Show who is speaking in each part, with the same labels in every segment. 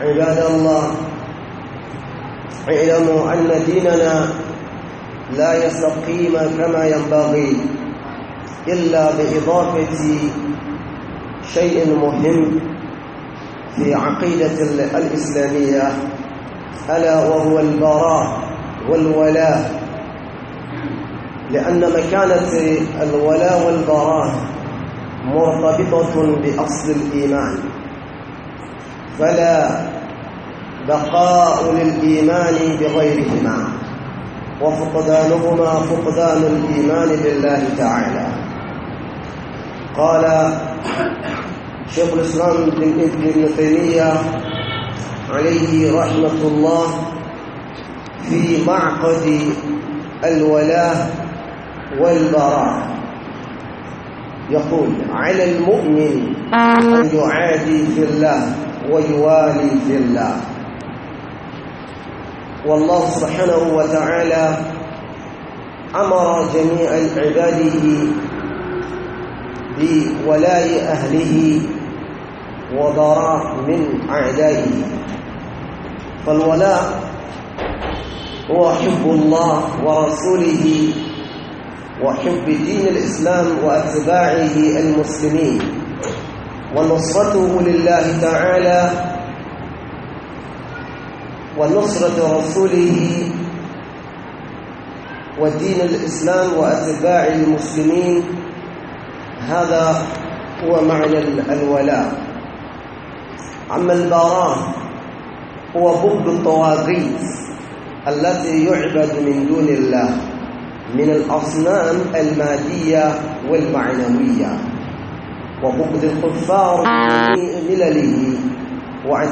Speaker 1: عباد الله اعلموا أن ديننا لا يستقيم كما ينبغي إلا بإضافة شيء مهم في عقيدة الإسلامية ألا وهو البراء والولاء لأن مكانة الولاء والبراء مرتبطة بأصل الإيمان فلا بقاء للإيمان بغيرهما وفقدانهما فقدان الإيمان بالله تعالى قال شيخ الإسلام بن ابن تيمية عليه رحمة الله في معقد الولاء والبراء يقول على المؤمن أن يعادي في الله ويوالي في الله والله سبحانه وتعالى أمر جميع عباده بولاء أهله وضراء من أعدائه فالولاء هو حب الله ورسوله وحب دين الإسلام وأتباعه المسلمين ونصرته لله تعالى ونصرة رسوله ودين الإسلام وأتباع المسلمين هذا هو معنى الولاء أما البراء هو ضد الطواغيت التي يعبد من دون الله من الأصنام المادية والمعنوية وبغض الكفار ملله وعن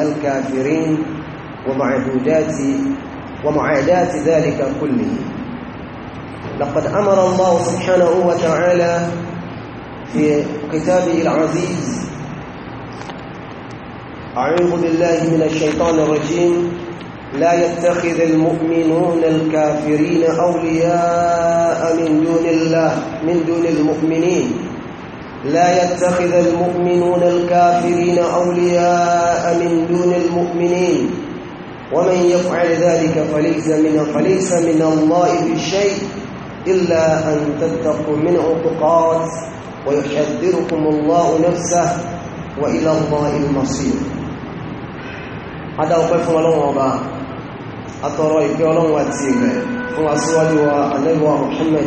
Speaker 1: الكافرين ومعدودات ومعادات ذلك كله لقد أمر الله سبحانه وتعالى في كتابه العزيز أعوذ بالله من الشيطان الرجيم لا يتخذ المؤمنون الكافرين أولياء من دون الله من دون المؤمنين لا يتخذ المؤمنون الكافرين أولياء من دون المؤمنين ومن يفعل ذلك فليس من فليس من الله في شيء إلا أن تتقوا من تقات ويحذركم الله نفسه وإلى الله المصير هذا وقف ولو وضع أترى يقول ولو واتيبه هو أسوأ محمد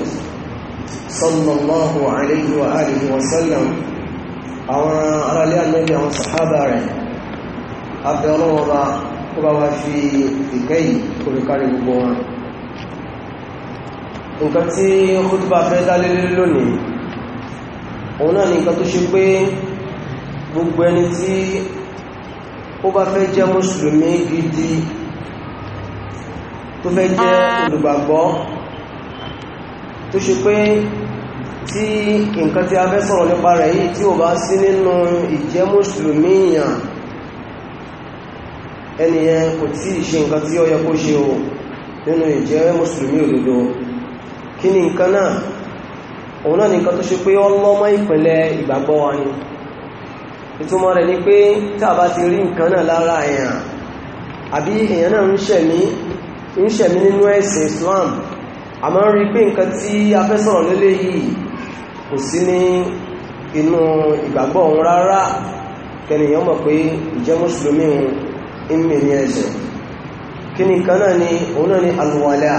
Speaker 1: sallallahu alayhi wa alihi wa sallam àwọn aráalé àlẹ́bí àwọn sàhábà rẹ̀ abẹ́ ọlọ́wọ́ba kó bá wá fi ìkẹ́yì kó lè kárí gbogbo wọn nǹkan tí khutba fẹ́ dálé lónìí òun náà ni nǹkan tó ṣe pé gbogbo ẹni tí ó bá fẹ́ jẹ́ mùsùlùmí gidi tó fẹ́ jẹ́ olùgbàgbọ́ tó ṣe pé tí nǹkan tí a fẹ́ sọ̀rọ̀ nípa rẹ̀ yìí tí ò bá sí nínú ìjẹ́ mùsùlùmí èèyàn ẹniyẹn kò tí ì ṣe nǹkan tí ó yẹ kó ṣe o nínú ìjẹ́ mùsùlùmí òdodo kí ni nǹkan náà òun náà nìkan tó ṣe pé ọlọ́mọ ìpínlẹ̀ ìgbàgbọ́ wa ni ìtumọ̀ rẹ̀ ni pé tá a bá ti rí nǹkan náà lára èèyàn àbí èèyàn náà ń ṣẹ̀mí nínú ẹ̀sìn Islam àmọ́ rí pé nǹkan tí a fẹ́ sọ̀rọ̀ lélẹ̀ yìí kò sí ní inú ìgbàgbọ́ òun rárá kẹniyàn mọ̀ pé ìjẹ́ mùsùlùmí ẹ̀ṣẹ̀ kí ni kan náà ni òun náà ni alwala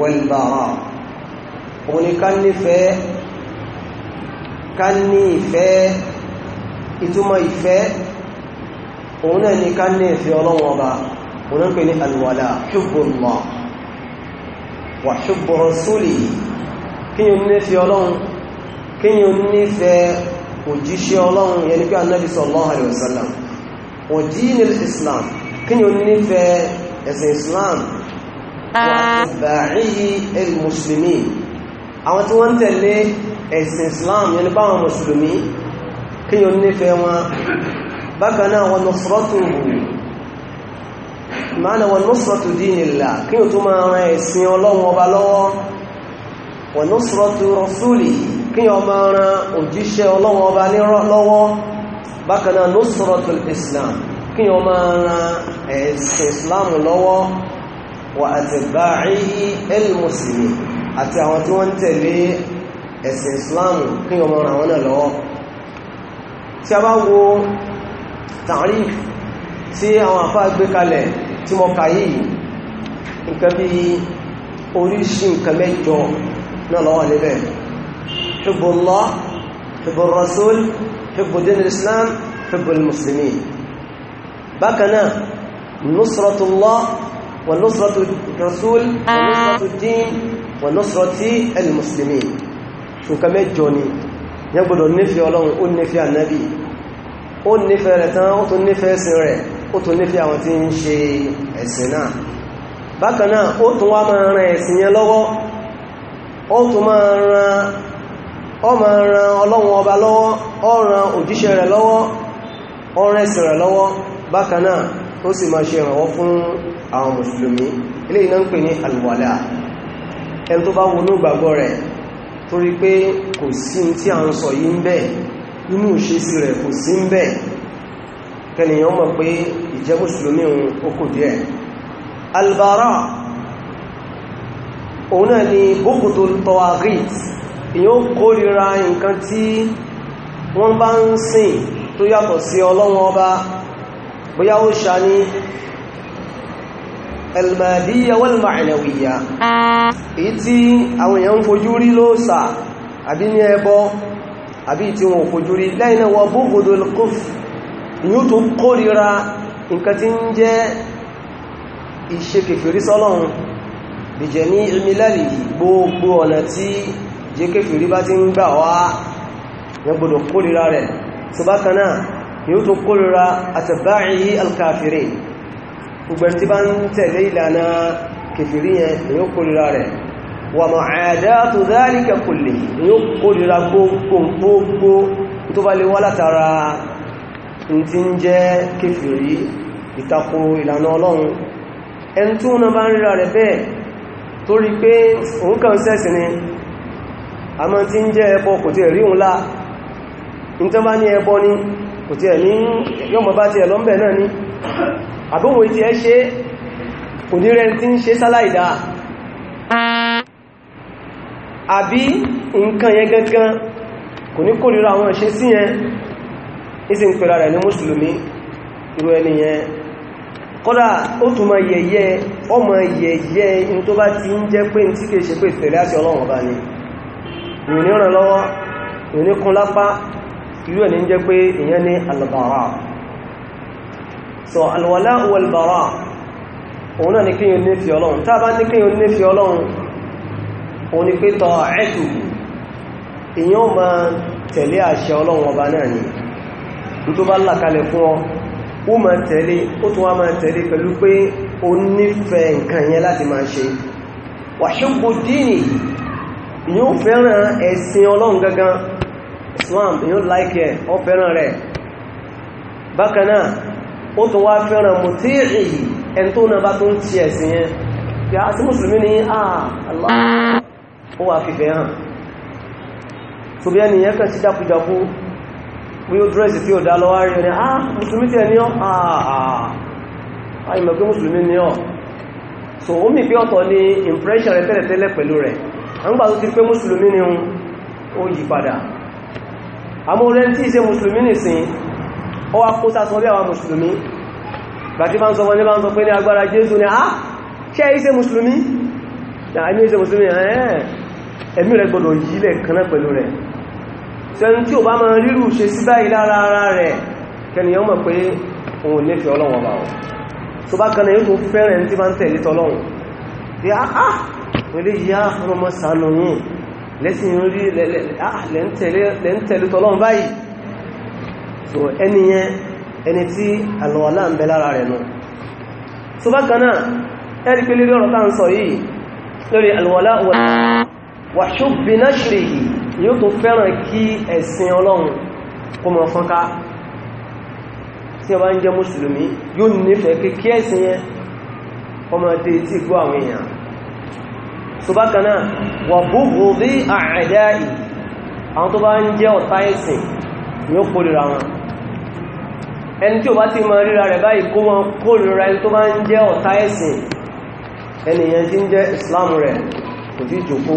Speaker 1: walbara òun ni ká nífẹ̀ẹ́ ká ní ìfẹ́ ìtumọ̀ ìfẹ́ òun náà ni ká ní ìfẹ́ ọlọ́wọ́n ọba òun náà pè ní alwala wà ṣùgbọ́n sólì kíyàn nífẹ́ ọlọ́run kíyàn nífẹ́ òjíṣẹ́ ọlọ́run yẹni pé anábi sallallahu alaihi wasallam wa dinil islam kíyàn nífẹ́ ẹ̀sìn islam wà tàbí mùsùlùmí àwọn tí wọ́n tẹ̀lé ẹ̀sìn islam yẹni báwọn mùsùlùmí ma'ana wọn nusratu dinillah kí o tó máa rán ẹ̀sìn ọlọ́run ọba lọ́wọ́ wọn nusratu rasuli kí o máa rán òjíṣẹ́ ọlọ́run ọba lọ́wọ́ bákan náà nusratu islam kí o máa rán ẹ̀sìn islam lọ́wọ́ wa atba'ihi al-muslimin àti àwọn tí wọ́n tẹ̀lé ẹ̀sìn islam kí o máa rán àwọn lọ́wọ́ tí àwọn àfáà gbé kalẹ̀ tí mo kà yìí nǹkan bí oríṣìí nǹkan mẹ́jọ náà lọ́wọ́ lébẹ̀ Hibbullah Hibbur Rasul Hibbud Din al-Islam Hibbul Muslimin bákan náà nusratullah wa nusratu Rasul wa nusratu Din wa nusrati al-Muslimin nǹkan mẹ́jọ ni yẹn gbọdọ̀ rẹ̀ ó tún nífẹ́ àwọn tí ń ṣe ẹ̀sìn náà bákan náà ó tún wá máa ran ẹ̀sìn yẹn lọ́wọ́ ó tún máa ran ó máa ran ọlọ́run ọba lọ́wọ́ ó ran òjíṣẹ́ rẹ̀ lọ́wọ́ ó ran ẹ̀sìn rẹ̀ lọ́wọ́ bákan náà ó sì máa ṣe ìrànwọ́ fún àwọn mùsùlùmí ilé iná ń pè ní alwala ẹni tó bá wọnú ìgbàgbọ́ rẹ̀ torí pé kò sí tí à ń sọ yìí ń bẹ inú ìṣesí rẹ̀ kò sí ń bẹ kẹniyàn mọ̀ pé ìjẹ́ mùsùlùmí ohun okù díẹ̀ albara òun náà ni bókùtò tọ́wàgìt èyàn kórìíra nǹkan tí wọ́n bá ń sìn tó yàtọ̀ sí ọlọ́wọ́n ọba bóyá ó ṣà ní almadiyya wal ma'nawiyya yóò tó kórìíra nǹkan tí ń jẹ́ ìṣe kèfèrí sọ́lọ́run bìjẹ̀ ní ìmìlẹ́lì gbogbo ọ̀nà tí jẹ́ kèfèrí bá ti ń gbà wá yẹn gbọdọ̀ kórìíra rẹ̀ tó bá kaná yóò tó kórìíra àtàbáyí alkafire gbogbo tí bá ń tẹ̀lé ìlànà kèfèrí yẹn yóò kórìíra rẹ̀ wà ma'adatu dhalika kulli yóò kórìíra gbogbo tó bá lè wá látara tí ń jẹ́ kéfèrí ìtakò ìlànà ọlọ́run ẹni tí wọ́n bá ń ríra rẹ̀ bẹ́ẹ̀ tó rí pé òun kàn sẹ́sì ni a mọ́ tí ń jẹ́ ẹbọ kò tí rí òun lá ní tó bá ní ẹbọ ni kò tí ẹ̀ ní yọmọ bá ti ẹ̀ lọ́m̀bẹ̀ náà ní ìsìn pẹ̀lá rẹ̀ ní mùsùlùmí irú ẹni yẹn kọ́dá ó tún ma yẹ̀yẹ́ ọmọ yẹ̀yẹ́ in tó bá ti ń jẹ́ pé tí kìí ṣe pé àti ọlọ́run ọba ni jẹ́ albara so alwala walbara òun náà ni kí yóò ọba náà tó bá làkalẹ̀ fún ọ ó ma tẹ̀lé ó tún wá ma tẹ̀lé pẹ̀lú pé ó nífẹ̀ẹ́ nǹkan yẹn láti máa ṣe wàṣígbò dínì yóò fẹ́ràn ẹ̀sìn ọlọ́run gangan islam yóò láìkẹ̀ ọ fẹ́ràn rẹ̀ bákanáà ó tún wá fẹ́ràn mùtíì ẹni tó náà bá tún ti ẹ̀sìn yẹn ya a ah, ti mùsùlùmí ní àà ó wà fìfẹ́ bí ó dírẹ́sì tí ó dá lọ wárí ẹni ah musulmi tí ẹ ọ́ ààmì ah, ah, ah. pé musulmi ní ọ́ so ó mì pé ọ̀tọ̀ ni impression rẹ tẹ́lẹ̀tẹ́lẹ̀ pẹ̀lú rẹ̀ àmúgbà tó ti pé musulmi ní ó yí padà amóhùnrẹ́ tí ìṣe musulmi nìsín ó wá kó sásọ bí àwọn musulmi bàtí bá ń sọ wọn ní bá ń sọ pé ní agbára Jésù ni ah ṣe ìṣe musulmi ẹ̀mí rẹ̀ gbọdọ̀ yí lẹ̀ kanáà pẹ̀lú rẹ̀ sẹ́ni tí ò bá máa rírù ṣe sí báyìí lára ara rẹ̀ kẹniyàn mọ̀ pé òun nífẹ̀ẹ́ ọlọ́run ọba ọ̀ tó bá kanáà yóò tó fẹ́rẹ̀ tí bá ń tẹ̀lé tọ́lọ́run tí ah, ah, a ah, á wọlé yá ọmọ sànù yìí lẹ́sìn rí lẹ́ntẹ̀lé tọ́lọ́run báyìí so ẹni yẹn ẹni lórí ọ̀rọ̀ tá ń sọ yìí yóò tó fẹ́ràn kí ẹ̀sìn ọlọ́run kó mọ̀ fọ́nká tí ó bá ń jẹ́ mùsùlùmí yóò nífẹ̀ẹ́ kí kí ẹ̀sìn yẹn ọmọ dé tí gbọ́ àwọn èèyàn tó bá kaná wà búgbù bí àẹ̀dá ì àwọn tó bá ń jẹ́ ọ̀tá ẹ̀sìn yóò kórìíra wọn ẹni tí ó bá ti mọ ríra rẹ̀ báyìí kó wọn kórìíra ẹni tó bá ń jẹ́ ìsìláàmù rẹ̀ kò tí jòkó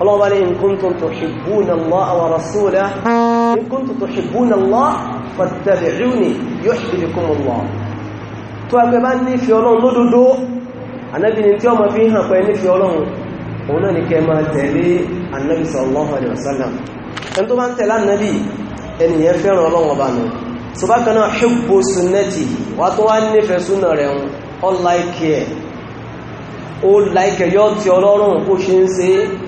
Speaker 1: ọlọ́wọ́ bá ní in kuntum tuhibbuna Allaha wa rasulahu in kuntum tuhibbuna Allaha fattabi'uni yuhbibkumullah tó ẹgbẹ́ bá nífẹ́ ọlọ́run lódodo anábi ni tí ọmọ fi hàn pẹ́ nífẹ́ ọlọ́run òun náà ni kẹ máa tẹ̀lé anábi sallallahu alaihi wasallam ẹni tó bá ń tẹ̀lé anábi ẹniyàn fẹ́ràn ọlọ́run ọba nù so bákan náà hubbu sunnati wà tó wá nífẹ́ súnà rẹ̀ ń ọ láìkẹ́ ó láìkẹ́ yọ́ ti ọlọ́run ó ṣe ń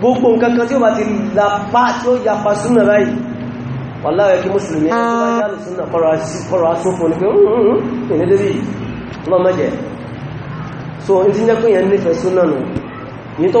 Speaker 1: gbogbo nǹkankan tí ó bá ti lápá tí ó yapa súnà báyìí wàláwẹ̀ kí mùsùlùmí ẹni tó bá yálù ah. súnà kọ́rọ̀ asófò ní pé ìní débi lọ́mọ́jẹ̀ so n ti jẹ́ pé yẹn nífẹ̀ẹ́ súnà nù ní tó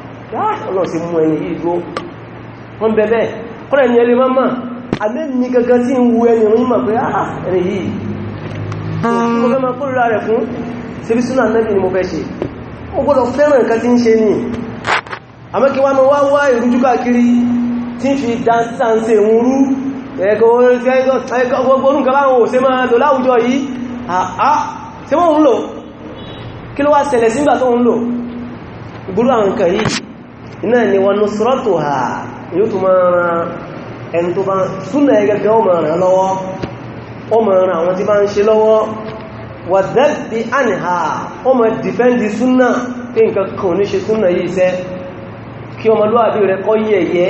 Speaker 1: Ah, ọlọ́ sí mú ẹni yìí dúó wọ́n bẹ̀bẹ̀ kọ́rẹ̀ ní ẹlẹ́ máa alẹ́ ní gẹ́gẹ́ tí ń wu ẹni òun mọ̀ pé ah, ah, ẹni yìí mo fẹ́ máa kórìíra rẹ̀ fún síbí súnà nẹ́bì ni mo fẹ́ ṣe ó gbọ́dọ̀ fẹ́ràn nǹkan tí ń ṣe ní àmẹ́kí wá mọ́ wá wá ìrújú káàkiri tí ń fi dáńtàǹsẹ̀ ń rú ẹ̀kọ́ gbogbo náà ni wọn nùsùrọ́tò ha yóò tó máa ran ẹni tó bá súnà ẹgẹ́gẹ́ ó máa ràn lọ́wọ́ ó máa ràn àwọn tí bá ń ṣe lọ́wọ́ wàdẹ́bí àníhà ó máa dìfẹ́ndì súnà pé nǹkan kan ní ṣe súnà yìí iṣẹ́ kí ọmọlúwàbí rẹ kọ́ yẹ̀yẹ́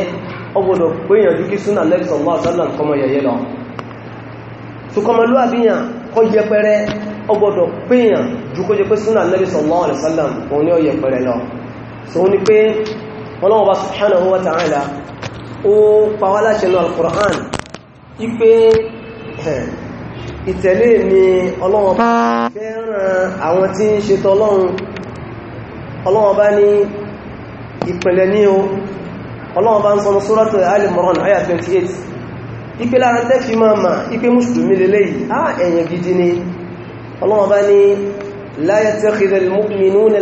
Speaker 1: ọgbọ̀dọ̀ gbéyànjú ya ọlọ́wọ́ bá subhanahu wa ta'ala ó pàwálá ṣe náà al-Qur'an ipé ìtẹ̀lé mi ọlọ́wọ́ bá fẹ́ràn àwọn tí ń ṣe tọ́lọ́run ọlọ́wọ́ bá ní ìpìnlẹ̀ ní o ọlọ́wọ́ bá ń sọ Suratu Ali Imran 28 ipé lára tẹ́fì máa ma ipé mùsùlùmí lélẹ́yìí á ẹ̀yàn gidi ni ọlọ́wọ́ bá ní la yattakhidhal mu'minuna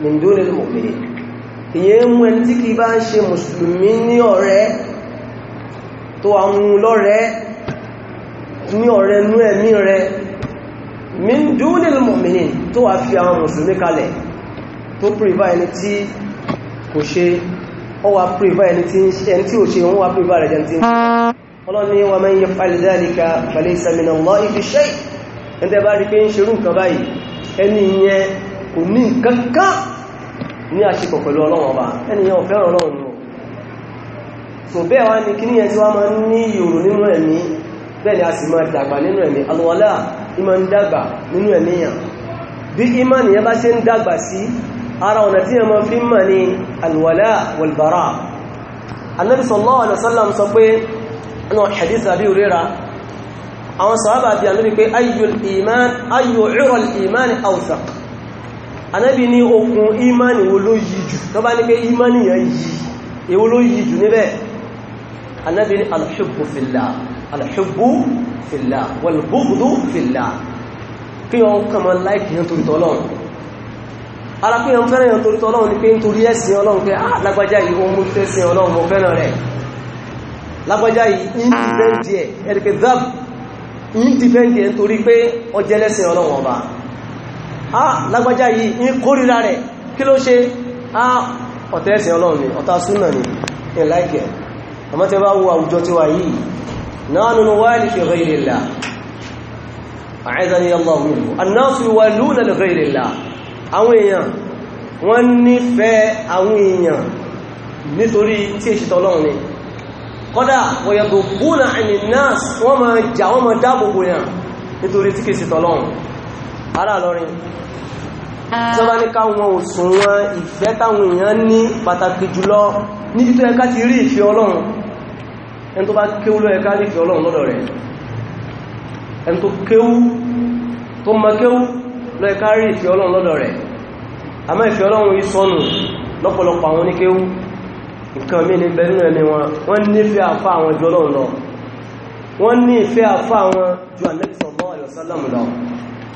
Speaker 1: min dunil mu'minin ìyẹn mú ẹni tí kì bá ń ṣe mùsùlùmí ní ọ̀rẹ́ tó àwọn lọ́rẹ́ ní ọ̀rẹ́ nú ẹ̀mí rẹ̀ min dunil mu'minin tó wà fi àwọn mùsùlùmí kalẹ̀ tó pèrèbá ẹni tí kò ṣe ó wà pèrèbá ẹni tí ò ṣe wọ́n wà pèrèbá rẹ̀ jẹ́ tí ń ṣe kò ní kankan ní àṣepọ̀ pẹ̀lú ọlọ́run ọba ẹniyàn ọ̀fẹ́ràn ọlọ́run ni so bẹ́ẹ̀ wá ní kí níyẹn tí wá máa ń ní ìyòrò nínú ẹ̀mí bẹ́ẹ̀ ni a sì máa dàgbà nínú ẹ̀mí alwọ́lá ìmọ̀ ń dàgbà nínú ẹ̀míyàn bí ìmọ̀ nìyẹn bá ṣe ń dàgbà sí ara ọ̀nà tí ẹmọ fi mọ̀ anábi ní okùn imani wo ló yí jù tó bá ní pé imani yẹn yí èwo ló yí jù níbẹ̀ anábi ní alhubbu fillah alhubbu fillah walbughdu fillah kí wọn kàn máa láìkì yẹn torí tọ́lọ́run ara pé wọn fẹ́ràn yẹn torí tọ́lọ́run ni pé ń torí ẹ̀sìn ọlọ́run pé á ah, lágbájá ah lágbájá yìí ní kórìíra rẹ̀ kí ló ṣe ah ọ̀tá ẹ̀sìn ọlọ́run ni ọ̀tá súnà ni ẹ̀ láìkẹ̀ àmọ́ tẹ́ bá wo àwùjọ tí wà yìí náà nínú wáyé fi wọ̀yẹ̀gbò búnà àìní náà wọ́n máa jà wọ́n máa dáàbòbò yàn nítorí tí kèsì tọ́lọ́run ará lọ́rin ah. tí wọ́n bá ní káwọn òṣùnwọ̀n ìfẹ́ táwọn èèyàn ní pàtàkì jùlọ níbi tó ẹka ti rí ìfẹ́ ọlọ́run ẹni tó bá kéwú ló ẹka rí ìfẹ́ ọlọ́run lọ́dọ̀ rẹ̀ ẹni tó kéwú tó mọ kéwú ló ẹka rí ìfẹ́ ọlọ́run lọ́dọ̀ rẹ̀ àmọ́ ìfẹ́ ọlọ́run yìí sọnù lọ́pọ̀lọpọ̀ àwọn oníkéwú nǹkan mí ní bẹ̀rẹ̀ nínú ẹni wọn wọ́n nífẹ̀ẹ́ àfá àwọn ju ọlọ́run lọ wọ́n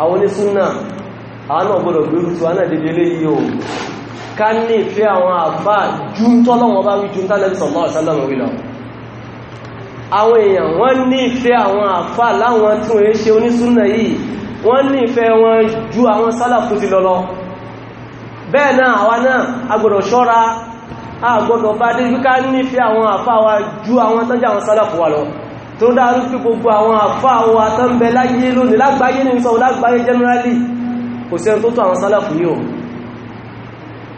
Speaker 1: àwọn onísúnnà àwọn náà gbọ́dọ̀ gbérù tí wọ́n náà dédé lé yíò ká ní ìfẹ́ àwọn àfá jú tọ́lọ́wọ́ bá wí jú tánàbí sallallahu alaihi wasallam wí lọ àwọn èèyàn wọ́n ní ìfẹ́ àwọn àfá láwọn tí wọ́n ṣe onísúnnà yìí wọ́n ní ìfẹ́ wọn ju àwọn sálàfù ti lọ lọ bẹ́ẹ̀ náà àwa náà agbọ́dọ̀ ṣọ́ra agbọ́dọ̀ bá dé wíká nífẹ́ àwọn àfá wa ju àwọn tọ́jú àwọn sálàfù wa lọ tó ń dáa rúfí gbogbo àwọn àfá àwọn atánbẹ láyé lónìí lágbàáyé ní sọ lágbàáyé generally kò sí ẹni tó tó àwọn sálàfù yíò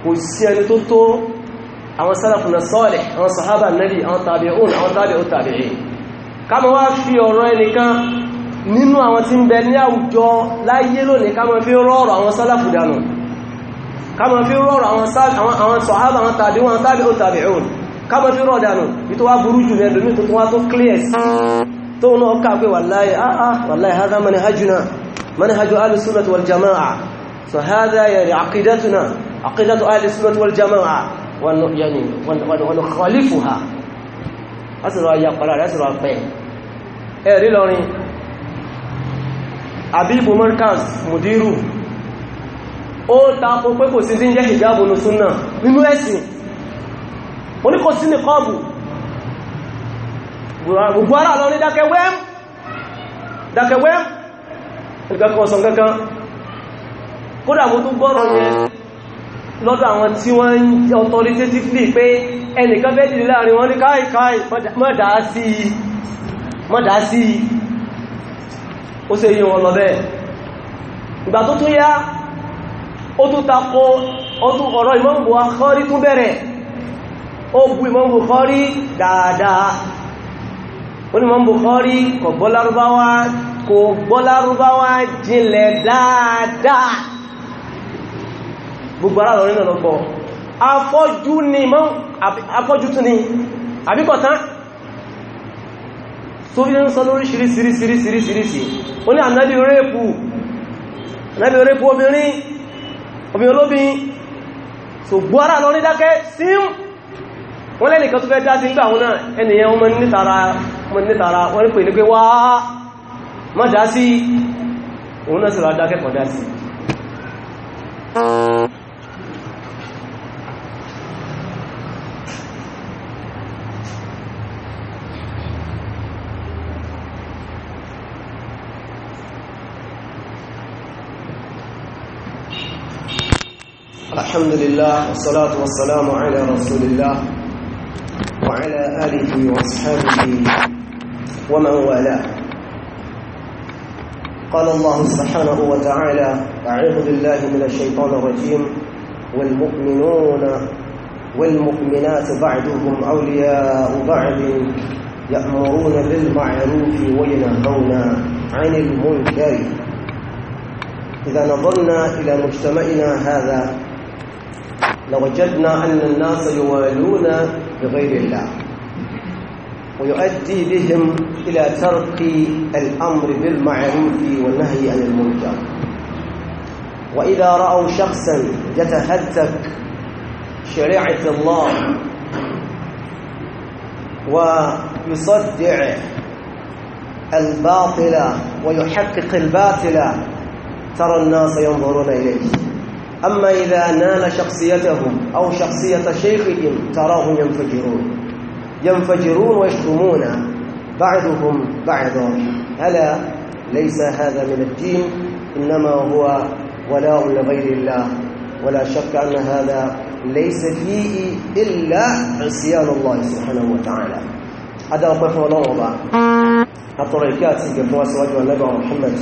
Speaker 1: kò sí ẹni tó tó àwọn sálàfù na sọ́ọ̀lẹ̀ àwọn sàhábà nẹ́bì àwọn tàbí'ùn àwọn tàbí'ù tàbí'ì káma wá fi ọ̀rọ̀ ẹnìkan nínú àwọn tí ń bẹ ní àwùjọ láyé lónìí káma fi rọ́ọ̀rọ̀ àwọn sálàfù dànù káma fi rọ́ọ̀rọ̀ àwọn sàhábà àwọn tàbí'ùn àwọn tàbí'ù tàbí'ùn kábọ̀ fi rọ̀dànù bí tó wá burú jù lẹ́lú ní tuntun wá tó clears tó náà ká pé wàláyé àà ah, ah, wàláyé hádá mani hajjuna mani hajjú alìsúnat wal jama'a so hádá yàrí àkídátuna àkídátù alìsúnat wal jama'a wọn khalifu ha asìrọ̀ ya pàlá rẹ̀ asìrọ̀ pẹ̀ ẹ̀rí lọrin abibu markaz mudiru ó takò wọ́n ní kò sí nìkọ́ọ̀bù gbogbo ara lọ ní dákẹwẹ́m dákẹwẹ́m ìgbàkan ọ̀sán kankan kódà mo tún gbọ́rọ̀ yẹn lọ́dọ̀ àwọn tí wọ́n ń jẹ́ authoritatively pé ẹnìkan bẹ́ẹ̀ dìde láàrin wọn ní káìkáì mọ́dá sí ó se yí wọn lọ bẹ́ẹ̀ ìgbà tó tún yá ó tún takọ ọdún ọ̀rọ̀ ìmọ̀ ó bú Imam Bukhari dáadáa ó ní Imam Bukhari kò gbọ́ lárúbáwá kò gbọ́ lárúbáwá jinlẹ̀ dáadáa gbogbo ara lọ́rin náà lọ́gbọ́ afọ́jú ni mọ́ afọ́jú tún ni àbíkọ̀tán tó fi ń sọ lórí ṣiríṣiríṣiríṣiríṣi ó ní ànábí rẹ́pù ànábí rẹ́pù obìnrin obìnrin olóbin tó gbọ́ ara lọ́rin dákẹ́ sim wọ́n lẹ́nìkan tó fẹ́ dá sí ń gbà wọn náà ẹnìyàn wọn nítara wọ́n ní pè ní pé wá má dá sí òun náà sọ̀rọ̀ adákẹ́kọ̀ọ́ dá sí الحمد لله والصلاة والسلام على رسول الله وعلى آله وأصحابه ومن والاه قال الله سبحانه وتعالى أعوذ بالله من الشيطان الرجيم والمؤمنون والمؤمنات بعضهم أولياء بعض يأمرون بالمعروف وينهون عن المنكر إذا نظرنا إلى مجتمعنا هذا لوجدنا أن الناس يوالون بغير الله ويؤدي بهم إلى ترك الأمر بالمعروف والنهي عن المنكر وإذا رأوا شخصا يتهتك شريعة الله ويصدع الباطل ويحقق الباطل ترى الناس ينظرون إليه أما إذا نال شخصيتهم أو شخصية شيخهم تراهم ينفجرون ينفجرون ويشتمون بعضهم بعضا ألا ليس هذا من الدين إنما هو ولاء لغير الله ولا شك أن هذا ليس فيه إلا عصيان الله سبحانه وتعالى هذا أقف ونوضع أطريكات سيكفوا سواجه النبي محمد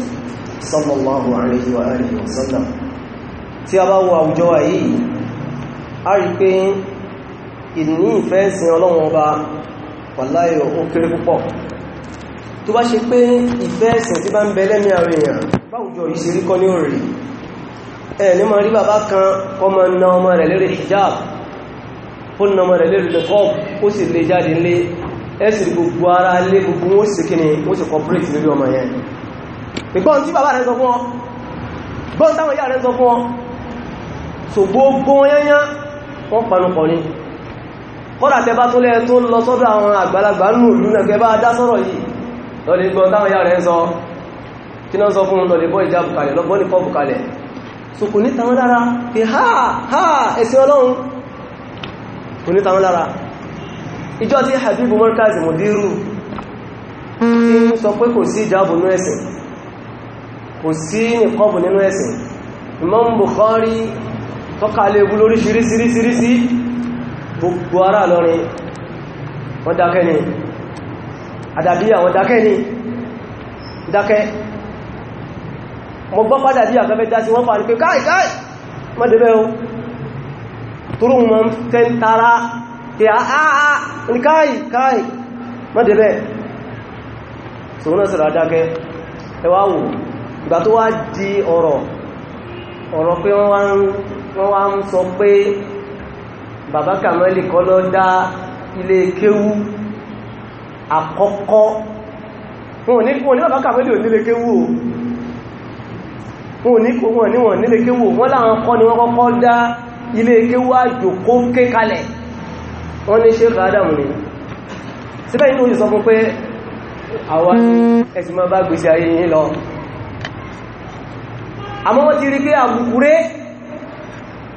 Speaker 1: صلى الله عليه وآله وسلم tí a bá wo àwùjọ wa yìí a rí pé ìní ìfẹ́ ìsìn ọlọ́run ọba wàláhì ó kéré púpọ̀ tó bá ṣe pé ìfẹ́ ìsìn tí bá ń bẹ lẹ́mí àwọn èèyàn báwùjọ yìí ṣe rí kọ́ ní òrì ẹ̀ ní máa rí bàbá kan kọ́ máa na ọmọ rẹ̀ lérí hijab ó na ọmọ rẹ̀ so gbogbo yányá wọ́n panupọ̀ ní kọ́dà tẹba tó lẹ́ tó lọ sọ́dọ̀ àwọn àgbàlagbà nù ìlú náà kẹba dá sọ́rọ̀ yìí lọ́lẹ̀ gbọ́n táwọn yà rẹ̀ sọ kí náà sọ fún lọ́lẹ̀ bọ́ ìjà bùkalẹ̀ lọ́gbọ́ ní kọ́ bùkalẹ̀ ha ha ẹ̀sìn ọlọ́run kò ní tàwọn lára ìjọ tí Habibu Markaz Mudiru tí ń sọ pé kò sí ìjáàbù Imam Bukhari tọ́ka léegun lórí ṣiríṣiríṣiríṣi gbogbo ara lọ́rin wọ́n dákẹ́ ni àdàbíyà wọ́n dákẹ́ ni dákẹ́ mọ̀ gbọ́ padà bí àkẹ́fẹ́ dá sí wọ́n fà ní pé káì káì mọ́dẹ̀bẹ́ o tóró mọ́ tẹ́ntara pé àáá ní káì káì mọ́dẹ̀bẹ́ sọ̀rọ̀ náà sọ̀rọ̀ ọ̀rọ̀ pé wọ́n wá ń wọ́n wá ń sọ pé bàbá kàmẹ́lì kọ́ lọ dá ilé kéwú àkọ́kọ́ wọn ní wọn ní bàbá kàmẹ́lì ò nílé kéwú o wọn ní wọn ní wọn nílé kéwú wọ́n láwọn kọ́ ni wọ́n kọ́kọ́ dá ilé kéwú àjòkó ké kalẹ̀ wọ́n ní Sheikh Adam ni síbẹ̀ inú ìsọ fún pé àwọn ẹ̀sìn máa bá gbèsè ayé yìí lọ àmọ́ wọ́n ti rí pé àbùkù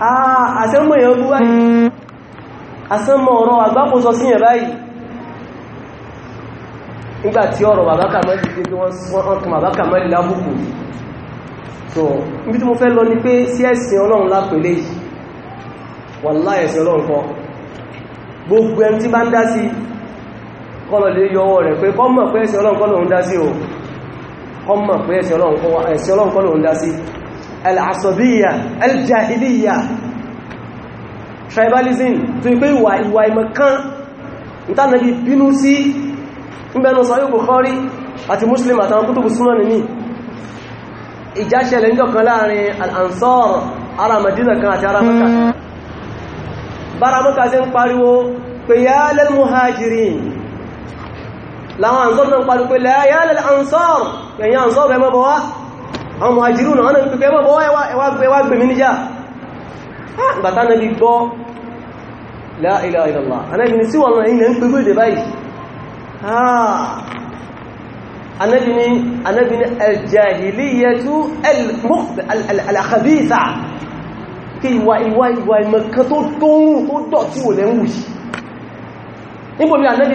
Speaker 1: Ah, àṣẹ́mọ̀ èèyàn ọrọ, wáyé àṣẹ́mọ̀ ọ̀rọ̀ àgbákòsọ sí yẹn báyìí nígbàtí ọ̀rọ̀ bàbákà mẹ́lì pé wọ́n tún bàbákà mẹ́lì lábùkù so ibi tí mo fẹ́ lọ ní pé sí ẹ̀sìn ọlọ́run lápẹ̀lẹ̀ al-asabiyya al-jahiliyya tribalism tó ipé ìwà ìwà ìmọ̀kan ìtànàbí bínú sí ìgbẹ̀nù sọ́yọ́ Bukhari àti Muslim àtàwọn kútùbù súnmọ́ nìní ìjà ṣẹlẹ̀ níjọ̀kan láàrin al-ansar ara Madina kan àti ara Maka bára Maka ṣe ń pariwo pé ya muhajirin láwọn ansar àwọn mọ̀hajirú náà wọ́n pẹ̀pẹ̀ mọ́ ẹwà gbẹ̀mí níjà gbàtà náà bí gbọ́ la ilaha illallah anábi ni sí wọn ilẹ̀ ń pẹ̀lú èdè báyìí anábi ni aljahiliyatu alakhabisa kí ìwà ìwà ìwà ìmọ̀kan tó tóhun tó dọ̀tí ò lẹ́wù yìí nígbòmí anábi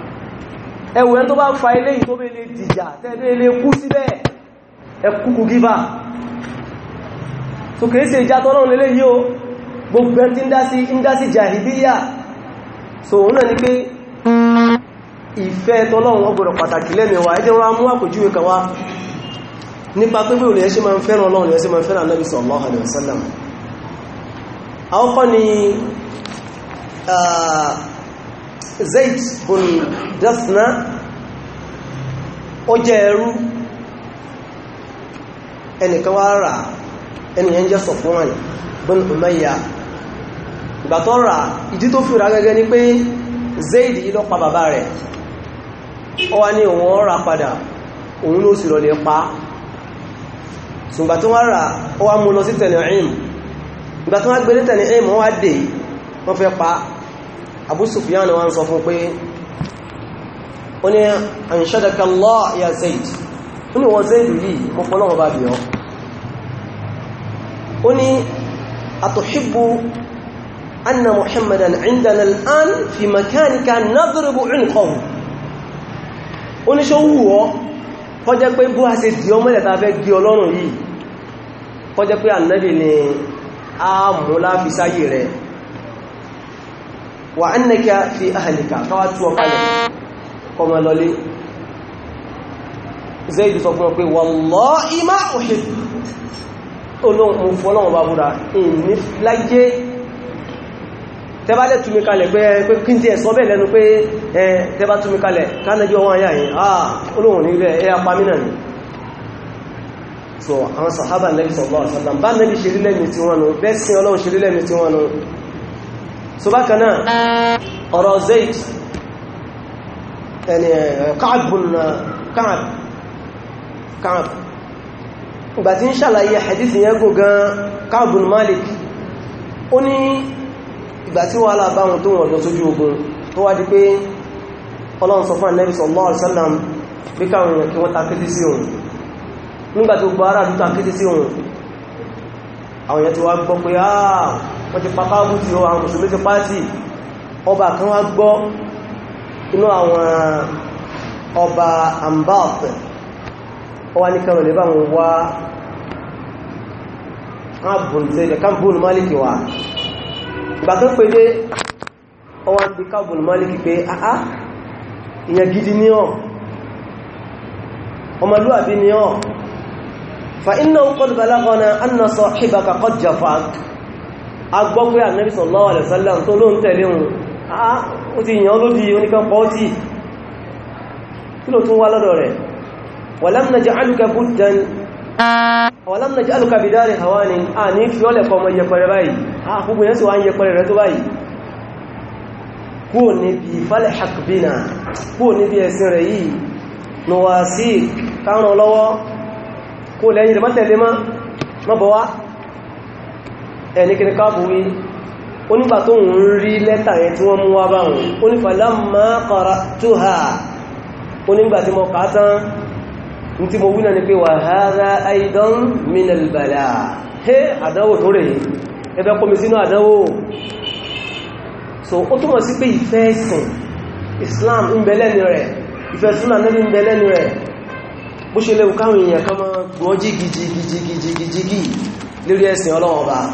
Speaker 1: ẹwẹ̀ tó bá fa ilé yìí tó bẹ́ lè dìjà tẹ́lẹ̀ lè kú síbẹ̀ ẹkùkù gíbà so kìí ṣe ìjà tọ́lọ́run lélẹ̀ yìí o gbogbo ẹ̀ tí ń dá sí so òun náà ni pé ìfẹ́ tọ́lọ́run ọgbọ̀rọ̀ pàtàkì lẹ́mẹ̀wà ẹjẹ́ wọn mú àpòjúwe kan wá nípa pé bí olùyẹ́ ṣe máa ń fẹ́ràn ọlọ́run yẹ́ ṣe máa Zayd bin Dasna ó jẹ́ ẹrú ẹnìkan wá rà ẹnìyàn jẹ́ Safwan bin Umayya ìgbà tó rà ìdí tó fi rà gẹ́gẹ́ ni pé Zayd yìí ló pa bàbá rẹ̀ ó wá ní òun rà padà òun ló sì lọlẹ̀ pa ṣùgbà tó wá rà ó wá mú lọ sí Tan'im ìgbà tó wá gbé ní wá wọ́n fẹ́ pa Abu Sufyan wá ń sọ fún pé ó ní anshadaka Allah ya Zaid ó ní wọ́n Zaid yìí mo fọ́lọ́wọ́ bá bí ọ́ ó ní atuhibbu anna Muhammadan indana al'an fi makanika nadribu inqahu ó ní ṣe ó wù kọjẹ́ pé bó a ṣe dì ọmọ ẹ̀ta fẹ́ gbí ọlọ́run yìí kọjẹ́ pé ànábì ni a mú láfi rẹ̀ wà annaka fi ahlika káwà tí wọ́n kalẹ̀ kọmọ lọlé zaid sọ fún ọ pé wallahi ma uhib olóhun fọ́lọ́wọ́n bá búra ìní láyé tẹbá lẹ́ túnmí kalẹ̀ pé kí n tí ẹ̀ sọ bẹ́ẹ̀ lẹ́nu pé tẹbá túnmí kalẹ̀ kánàjí ọwọ́ ayá yìí ah olóhun ní ilẹ̀ ẹ̀ apamínà ni so àwọn sàhábà lẹ́bí sọ̀gbọ́n sàdàm bá lẹ́bí ṣe rí lẹ́mí tí wọ́n nù bẹ́ẹ̀ sí ọlọ́run ṣe rí lẹ́mí tí wọ́n so bákan náà ọ̀rọ̀ zayd ẹni eh, káàbùn káàb káàb ìgbà tí ń ṣàlàyé hadith yẹn gùn gan káàbùn malik ó ní ìgbà tí wàhálà báwọn tó wọ̀n lọ sójú ogun tó wá di pé ọlọ́run sọ fún ànẹ́bí sallallahu alaihi wasallam bí káwọn èèyàn kí wọ́n takété sí òun nígbàtí gbogbo ara ló takété sí òun àwọn èèyàn ti wá gbọ́ pé àà ah, wọ́n ti papá mú ti àwọn mùsùlùmí ti pàtì ọba kan wá gbọ́ inú àwọn ọba àmbáàpẹ̀ ọwá ní kẹrọ lè bá wọn wá ààbùn ilẹ̀ káàbùn máàlìkì wá ìgbà tó pé dé ọwá ń káàbùn máàlìkì pé àá ìyẹn gidi ní ọ ọmọlúwàbí ní ọ fa inna qad balaghana anna sahibaka qad jafak agbọ́ pé ànábì sallallahu alaihi wasallam tó ló ń tẹ̀lé wọn ó ti yàn lódí oníkan pọ́ tí kí ló tún wá lọ́dọ̀ rẹ̀ walam naj'aluka buddan walam naj'aluka bidari hawani a ní fi ọlẹ̀ kọmọ yẹpẹrẹ báyìí a gbogbo yẹn sì wá ń yẹpẹrẹ bina kúò níbi ẹ̀sìn rẹ̀ yìí nùwàsí kárùn lọ́wọ́ kúò lẹ́yìn rẹ̀ mọ́tẹ̀lé mọ́ bọ̀ wá ẹnikẹni káàkùwé onígbà tó ń rí lẹ́tà yẹn tí wọ́n mú wá báhùn onífàlá máa kọ̀rọ̀ tó ha onígbà tí mọ̀ kàátán ní tí mo wí náà ni pé wà hádá aidan minal he so Islam bó ṣe léwu káwọn èèyàn kan máa gbọ́n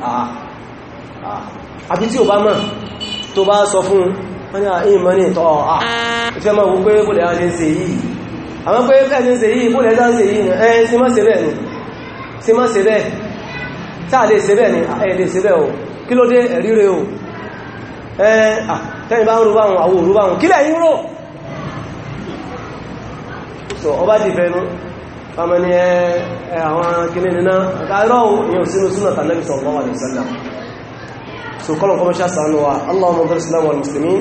Speaker 1: Ah. Ah. àti tí ò bá mọ̀ tó bá sọ fún wọ́n ni àyìn ah, mọ́ ní ìtọ́ ìfẹ́ mọ́ wípé kò lè ṣe ń ṣe yìí àwọn pé fẹ́ ṣe ń ṣe yìí kò lè ṣe yìí ẹ sí mọ́ ṣe bẹ́ẹ̀ ni sí mọ́ ṣe bẹ́ẹ̀ sáà lè ṣe bẹ́ẹ̀ ni ẹ lè ṣe bẹ́ẹ̀ o kí ló dé ẹ̀ríre ọmọ ní àwọn kìnnì nínú àárọ̀ ìyẹn sínú súnà tàbí sallallahu alaihi wasallam so kọlọ̀ kọmọ ṣásánú wa allahumma bar islam wal muslimin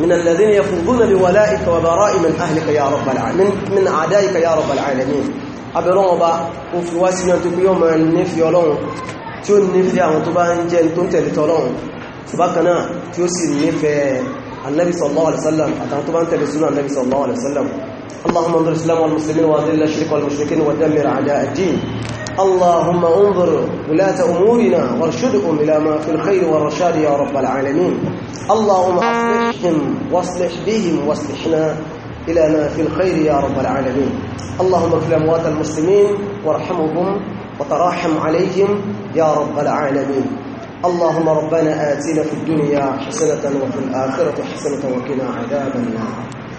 Speaker 1: من الذين يفوضون بولائك وبراء من أهلك يا رب العالمين من أعدائك يا رب العالمين abẹ̀rún ọba ó fi wá sí ọdún pé yóò máa nífẹ́ ọlọ́run tí ó nífẹ́ àwọn tó bá ń jẹ́ tó ń tẹ̀lé tọ́lọ́run bákanáà tí ó sì nífẹ́ اللهم انظر الإسلام والمسلمين وأذل الشرك والمشركين ودمر أعداء الدين اللهم انظر ولاة أمورنا وارشدهم إلى ما في الخير والرشاد يا رب العالمين اللهم أصلحهم واصلح بهم واصلحنا إلى ما في الخير يا رب العالمين اللهم اغفر أموات المسلمين وارحمهم وتراحم عليهم يا رب العالمين اللهم ربنا آتنا في الدنيا حسنة وفي الآخرة حسنة وقنا عذاب النار